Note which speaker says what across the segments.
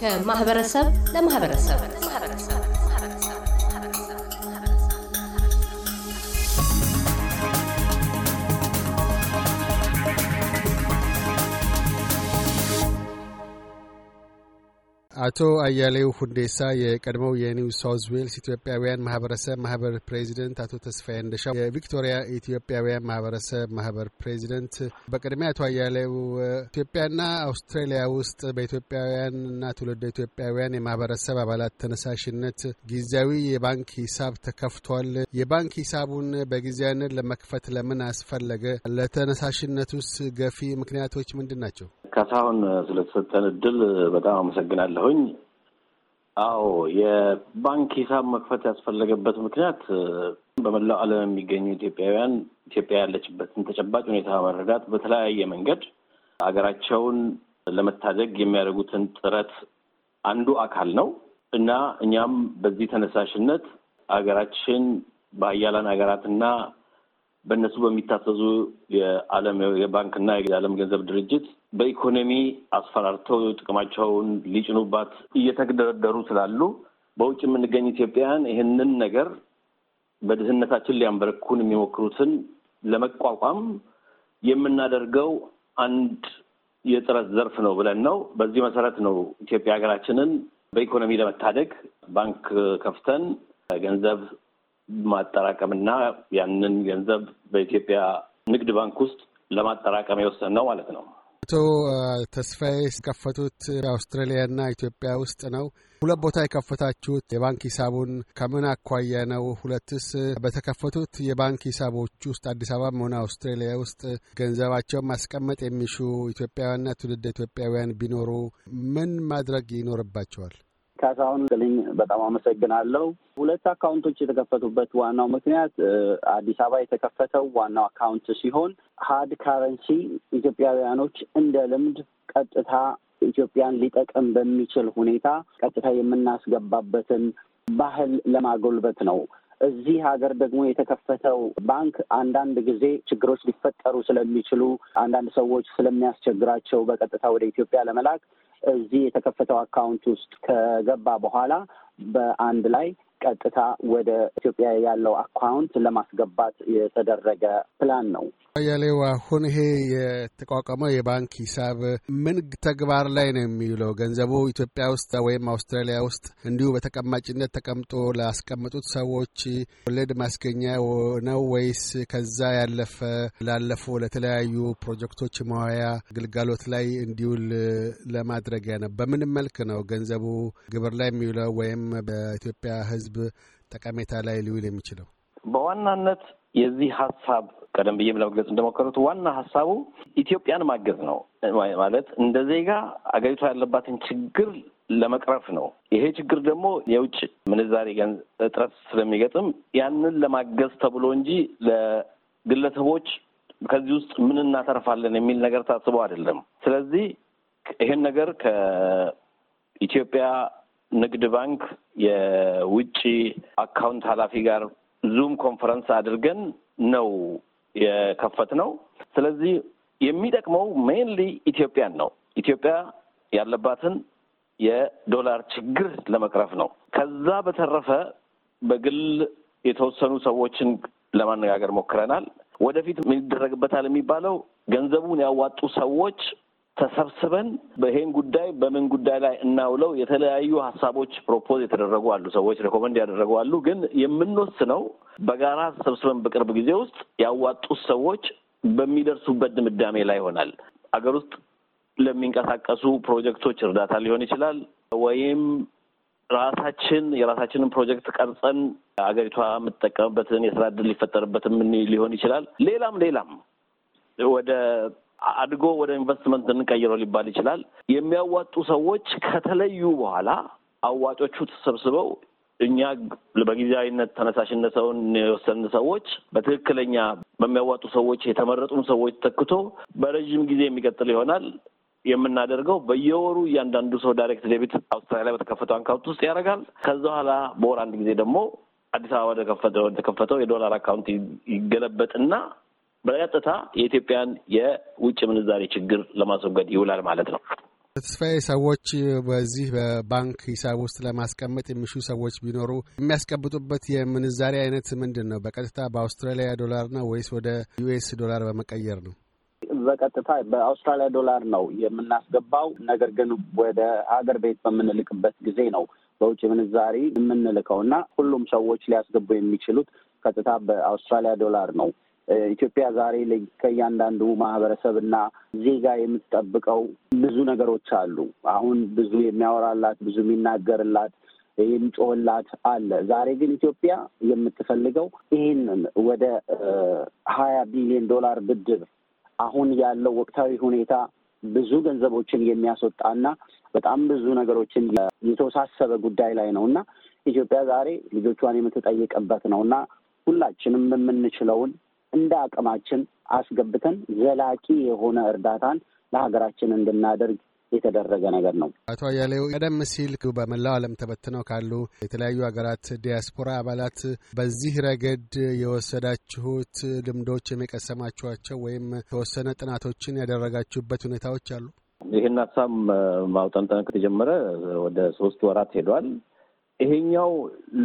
Speaker 1: ከማህበረሰብ ለማህበረሰብ አቶ አያሌው ሁንዴሳ የቀድሞው የኒው ሳውዝ ዌልስ ኢትዮጵያውያን ማህበረሰብ ማህበር ፕሬዚደንት፣ አቶ ተስፋዬ እንደሻው የቪክቶሪያ ኢትዮጵያውያን ማህበረሰብ ማህበር ፕሬዚደንት። በቅድሚያ አቶ አያሌው ኢትዮጵያና አውስትራሊያ ውስጥ በኢትዮጵያውያንና ትውልደ ኢትዮጵያውያን የማህበረሰብ አባላት ተነሳሽነት ጊዜያዊ የባንክ ሂሳብ ተከፍቷል። የባንክ ሂሳቡን በጊዜያዊነት ለመክፈት ለምን አስፈለገ? ለተነሳሽነቱስ ገፊ ምክንያቶች ምንድን ናቸው?
Speaker 2: ካሳሁን ስለተሰጠን እድል በጣም አመሰግናለሁ። አለሁኝ። አዎ የባንክ ሂሳብ መክፈት ያስፈለገበት ምክንያት በመላው ዓለም የሚገኙ ኢትዮጵያውያን ኢትዮጵያ ያለችበትን ተጨባጭ ሁኔታ መረዳት፣ በተለያየ መንገድ ሀገራቸውን ለመታደግ የሚያደርጉትን ጥረት አንዱ አካል ነው እና እኛም በዚህ ተነሳሽነት ሀገራችን በአያላን ሀገራትና በእነሱ በሚታሰዙ የዓለም የባንክና የዓለም ገንዘብ ድርጅት በኢኮኖሚ አስፈራርተው ጥቅማቸውን ሊጭኑባት እየተደረደሩ ስላሉ በውጭ የምንገኝ ኢትዮጵያውያን ይህንን ነገር በድህነታችን ሊያንበረኩን የሚሞክሩትን ለመቋቋም የምናደርገው አንድ የጥረት ዘርፍ ነው ብለን ነው። በዚህ መሰረት ነው ኢትዮጵያ ሀገራችንን በኢኮኖሚ ለመታደግ ባንክ ከፍተን ገንዘብ ማጠራቀምና ያንን ገንዘብ በኢትዮጵያ ንግድ ባንክ ውስጥ ለማጠራቀም የወሰን ነው ማለት ነው።
Speaker 1: አቶ ተስፋዬ የከፈቱት አውስትራሊያና ኢትዮጵያ ውስጥ ነው። ሁለት ቦታ የከፈታችሁት የባንክ ሂሳቡን ከምን አኳያ ነው? ሁለትስ በተከፈቱት የባንክ ሂሳቦች ውስጥ አዲስ አበባም ሆነ አውስትራሊያ ውስጥ ገንዘባቸውን ማስቀመጥ የሚሹ ኢትዮጵያውያንና ትውልድ ኢትዮጵያውያን ቢኖሩ ምን ማድረግ ይኖርባቸዋል?
Speaker 3: ካሳሁን ልኝ በጣም አመሰግናለሁ። ሁለት አካውንቶች የተከፈቱበት ዋናው ምክንያት አዲስ አበባ የተከፈተው ዋናው አካውንት ሲሆን ሀርድ ካረንሲ ኢትዮጵያውያኖች እንደ ልምድ ቀጥታ ኢትዮጵያን ሊጠቅም በሚችል ሁኔታ ቀጥታ የምናስገባበትን ባህል ለማጎልበት ነው። እዚህ ሀገር ደግሞ የተከፈተው ባንክ አንዳንድ ጊዜ ችግሮች ሊፈጠሩ ስለሚችሉ አንዳንድ ሰዎች ስለሚያስቸግራቸው በቀጥታ ወደ ኢትዮጵያ ለመላክ እዚህ የተከፈተው አካውንት ውስጥ ከገባ በኋላ በአንድ ላይ ቀጥታ ወደ ኢትዮጵያ ያለው አካውንት ለማስገባት የተደረገ ፕላን ነው።
Speaker 1: አያሌው፣ አሁን ይሄ የተቋቋመው የባንክ ሂሳብ ምን ተግባር ላይ ነው የሚውለው? ገንዘቡ ኢትዮጵያ ውስጥ ወይም አውስትራሊያ ውስጥ እንዲሁ በተቀማጭነት ተቀምጦ ላስቀመጡት ሰዎች ወለድ ማስገኛ ነው ወይስ ከዛ ያለፈ ላለፉ ለተለያዩ ፕሮጀክቶች መዋያ ግልጋሎት ላይ እንዲውል ለማድረጊያ ነው? በምን መልክ ነው ገንዘቡ ግብር ላይ የሚውለው ወይም በኢትዮጵያ ሕዝብ ሕዝብ ጠቀሜታ ላይ ሊውል የሚችለው?
Speaker 2: በዋናነት የዚህ ሀሳብ ቀደም ብዬም ለመግለጽ እንደሞከሩት ዋና ሀሳቡ ኢትዮጵያን ማገዝ ነው። ማለት እንደ ዜጋ አገሪቷ ያለባትን ችግር ለመቅረፍ ነው። ይሄ ችግር ደግሞ የውጭ ምንዛሬ እጥረት ስለሚገጥም ያንን ለማገዝ ተብሎ እንጂ ለግለሰቦች ከዚህ ውስጥ ምን እናተርፋለን የሚል ነገር ታስቦ አይደለም። ስለዚህ ይሄን ነገር ከኢትዮጵያ ንግድ ባንክ የውጭ አካውንት ኃላፊ ጋር ዙም ኮንፈረንስ አድርገን ነው የከፈት ነው። ስለዚህ የሚጠቅመው ሜንሊ ኢትዮጵያን ነው። ኢትዮጵያ ያለባትን የዶላር ችግር ለመቅረፍ ነው። ከዛ በተረፈ በግል የተወሰኑ ሰዎችን ለማነጋገር ሞክረናል። ወደፊት ምን ይደረግበታል የሚባለው ገንዘቡን ያዋጡ ሰዎች ተሰብስበን በይሄን ጉዳይ በምን ጉዳይ ላይ እናውለው የተለያዩ ሀሳቦች ፕሮፖዝ የተደረጉ አሉ፣ ሰዎች ሬኮመንድ ያደረጉ አሉ። ግን የምንወስነው በጋራ ተሰብስበን በቅርብ ጊዜ ውስጥ ያዋጡት ሰዎች በሚደርሱበት ድምዳሜ ላይ ይሆናል። አገር ውስጥ ለሚንቀሳቀሱ ፕሮጀክቶች እርዳታ ሊሆን ይችላል ወይም ራሳችን የራሳችንን ፕሮጀክት ቀርጸን አገሪቷ የምትጠቀምበትን የስራ እድል ሊፈጠርበት ምን ሊሆን ይችላል። ሌላም ሌላም ወደ አድጎ ወደ ኢንቨስትመንት እንቀይረው ሊባል ይችላል። የሚያዋጡ ሰዎች ከተለዩ በኋላ አዋጮቹ ተሰብስበው እኛ በጊዜያዊነት ተነሳሽነት ሰውን የወሰን ሰዎች በትክክለኛ በሚያዋጡ ሰዎች የተመረጡን ሰዎች ተክቶ በረዥም ጊዜ የሚቀጥል ይሆናል የምናደርገው በየወሩ እያንዳንዱ ሰው ዳይሬክት ዴቢት አውስትራሊያ በተከፈተው አካውንት ውስጥ ያደርጋል። ከዛ በኋላ በወር አንድ ጊዜ ደግሞ አዲስ አበባ ወደተከፈተው የዶላር አካውንት ይገለበጥና በቀጥታ የኢትዮጵያን የውጭ ምንዛሬ ችግር ለማስወገድ ይውላል ማለት ነው።
Speaker 1: ተስፋዬ ሰዎች በዚህ በባንክ ሂሳብ ውስጥ ለማስቀመጥ የሚሹ ሰዎች ቢኖሩ የሚያስቀምጡበት የምንዛሬ አይነት ምንድን ነው? በቀጥታ በአውስትራሊያ ዶላር ነው ወይስ ወደ ዩኤስ ዶላር በመቀየር ነው?
Speaker 3: በቀጥታ በአውስትራሊያ ዶላር ነው የምናስገባው። ነገር ግን ወደ ሀገር ቤት በምንልክበት ጊዜ ነው በውጭ ምንዛሪ የምንልከው እና ሁሉም ሰዎች ሊያስገቡ የሚችሉት ቀጥታ በአውስትራሊያ ዶላር ነው። ኢትዮጵያ ዛሬ ከእያንዳንዱ ማህበረሰብና ዜጋ የምትጠብቀው ብዙ ነገሮች አሉ። አሁን ብዙ የሚያወራላት ብዙ የሚናገርላት የሚጮህላት አለ። ዛሬ ግን ኢትዮጵያ የምትፈልገው ይህንን ወደ ሀያ ቢሊዮን ዶላር ብድር አሁን ያለው ወቅታዊ ሁኔታ ብዙ ገንዘቦችን የሚያስወጣና በጣም ብዙ ነገሮችን የተወሳሰበ ጉዳይ ላይ ነው እና ኢትዮጵያ ዛሬ ልጆቿን የምትጠይቅበት ነው እና ሁላችንም የምንችለውን እንደ አቅማችን አስገብተን ዘላቂ የሆነ እርዳታን ለሀገራችን እንድናደርግ የተደረገ ነገር ነው።
Speaker 1: አቶ አያሌው ቀደም ሲል በመላው ዓለም ተበትነው ካሉ የተለያዩ ሀገራት ዲያስፖራ አባላት በዚህ ረገድ የወሰዳችሁት ልምዶች የሚቀሰማችኋቸው ወይም የተወሰነ ጥናቶችን ያደረጋችሁበት ሁኔታዎች አሉ?
Speaker 2: ይህን ሀሳብ ማውጠንጠን ከተጀመረ ወደ ሶስት ወራት ሄዷል። ይሄኛው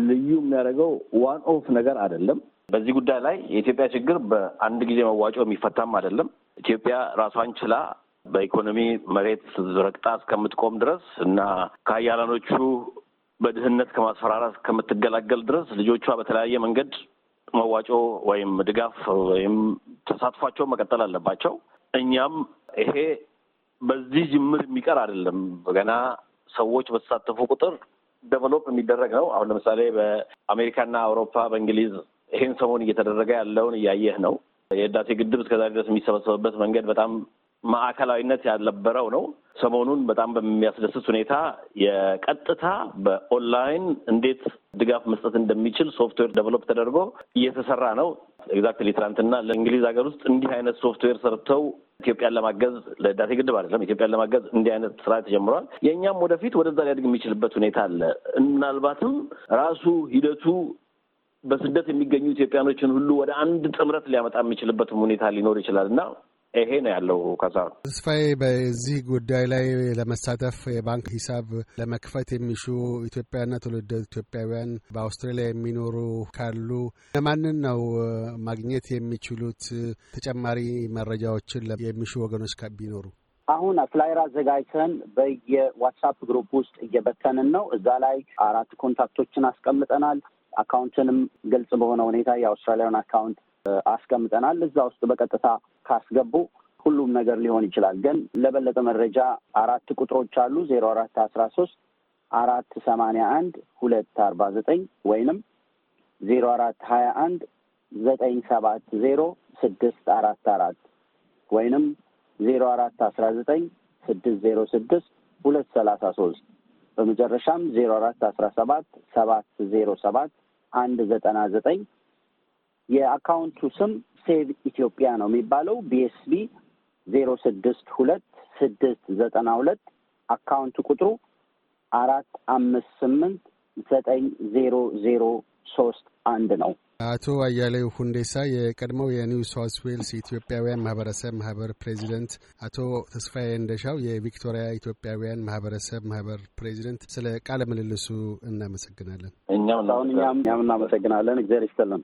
Speaker 2: ልዩ የሚያደርገው ዋን ኦፍ ነገር አይደለም። በዚህ ጉዳይ ላይ የኢትዮጵያ ችግር በአንድ ጊዜ መዋጮ የሚፈታም አይደለም። ኢትዮጵያ ራሷን ችላ በኢኮኖሚ መሬት ረግጣ እስከምትቆም ድረስ እና ከአያላኖቹ በድህነት ከማስፈራራት እስከምትገላገል ድረስ ልጆቿ በተለያየ መንገድ መዋጮ ወይም ድጋፍ ወይም ተሳትፏቸው መቀጠል አለባቸው። እኛም ይሄ በዚህ ጅምር የሚቀር አይደለም። ገና ሰዎች በተሳተፉ ቁጥር ደቨሎፕ የሚደረግ ነው። አሁን ለምሳሌ በአሜሪካና አውሮፓ፣ በእንግሊዝ ይህን ሰሞን እየተደረገ ያለውን እያየህ ነው። የህዳሴ ግድብ እስከዛሬ ድረስ የሚሰበሰብበት መንገድ በጣም ማዕከላዊነት ያልነበረው ነው። ሰሞኑን በጣም በሚያስደስት ሁኔታ የቀጥታ በኦንላይን እንዴት ድጋፍ መስጠት እንደሚችል ሶፍትዌር ደቨሎፕ ተደርጎ እየተሰራ ነው። ኤግዛክትሊ ትናንትና ለእንግሊዝ ሀገር ውስጥ እንዲህ አይነት ሶፍትዌር ሰርተው ኢትዮጵያን ለማገዝ ለህዳሴ ግድብ አይደለም፣ ኢትዮጵያን ለማገዝ እንዲህ አይነት ስራ ተጀምሯል። የእኛም ወደፊት ወደዛ ሊያድግ የሚችልበት ሁኔታ አለ። ምናልባትም ራሱ ሂደቱ በስደት የሚገኙ ኢትዮጵያኖችን ሁሉ ወደ አንድ ጥምረት ሊያመጣ የሚችልበትም ሁኔታ ሊኖር ይችላል እና ይሄ ነው ያለው። ከዛ
Speaker 1: ተስፋዬ፣ በዚህ ጉዳይ ላይ ለመሳተፍ የባንክ ሂሳብ ለመክፈት የሚሹ ኢትዮጵያና ትውልደ ኢትዮጵያውያን በአውስትራሊያ የሚኖሩ ካሉ ለማንን ነው ማግኘት የሚችሉት? ተጨማሪ መረጃዎችን የሚሹ ወገኖች ቢኖሩ
Speaker 3: አሁን ፍላየር አዘጋጅተን በየዋትሳፕ ግሩፕ ውስጥ እየበተንን ነው። እዛ ላይ አራት ኮንታክቶችን አስቀምጠናል። አካውንትንም ግልጽ በሆነ ሁኔታ የአውስትራሊያን አካውንት አስቀምጠናል። እዛ ውስጥ በቀጥታ ካስገቡ ሁሉም ነገር ሊሆን ይችላል። ግን ለበለጠ መረጃ አራት ቁጥሮች አሉ ዜሮ አራት አስራ ሶስት አራት ሰማንያ አንድ ሁለት አርባ ዘጠኝ ወይንም ዜሮ አራት ሀያ አንድ ዘጠኝ ሰባት ዜሮ ስድስት አራት አራት ወይንም ዜሮ አራት አስራ ዘጠኝ ስድስት ዜሮ ስድስት ሁለት ሰላሳ ሶስት በመጨረሻም ዜሮ አራት አስራ ሰባት ሰባት ዜሮ ሰባት አንድ ዘጠና ዘጠኝ የአካውንቱ ስም ሴቭ ኢትዮጵያ ነው የሚባለው። ቢኤስቢ ዜሮ ስድስት ሁለት ስድስት ዘጠና ሁለት አካውንት ቁጥሩ አራት አምስት ስምንት ዘጠኝ ዜሮ ዜሮ ሶስት አንድ ነው።
Speaker 1: አቶ አያሌው ሁንዴሳ የቀድሞው የኒው ሳውስ ዌልስ ኢትዮጵያውያን ማህበረሰብ ማህበር ፕሬዚደንት፣ አቶ ተስፋዬ እንደሻው የቪክቶሪያ ኢትዮጵያውያን ማህበረሰብ ማህበር ፕሬዚደንት፣ ስለ ቃለ ምልልሱ እናመሰግናለን። እኛም እናመሰግናለን። እግዚአብሔር ይስጥልን።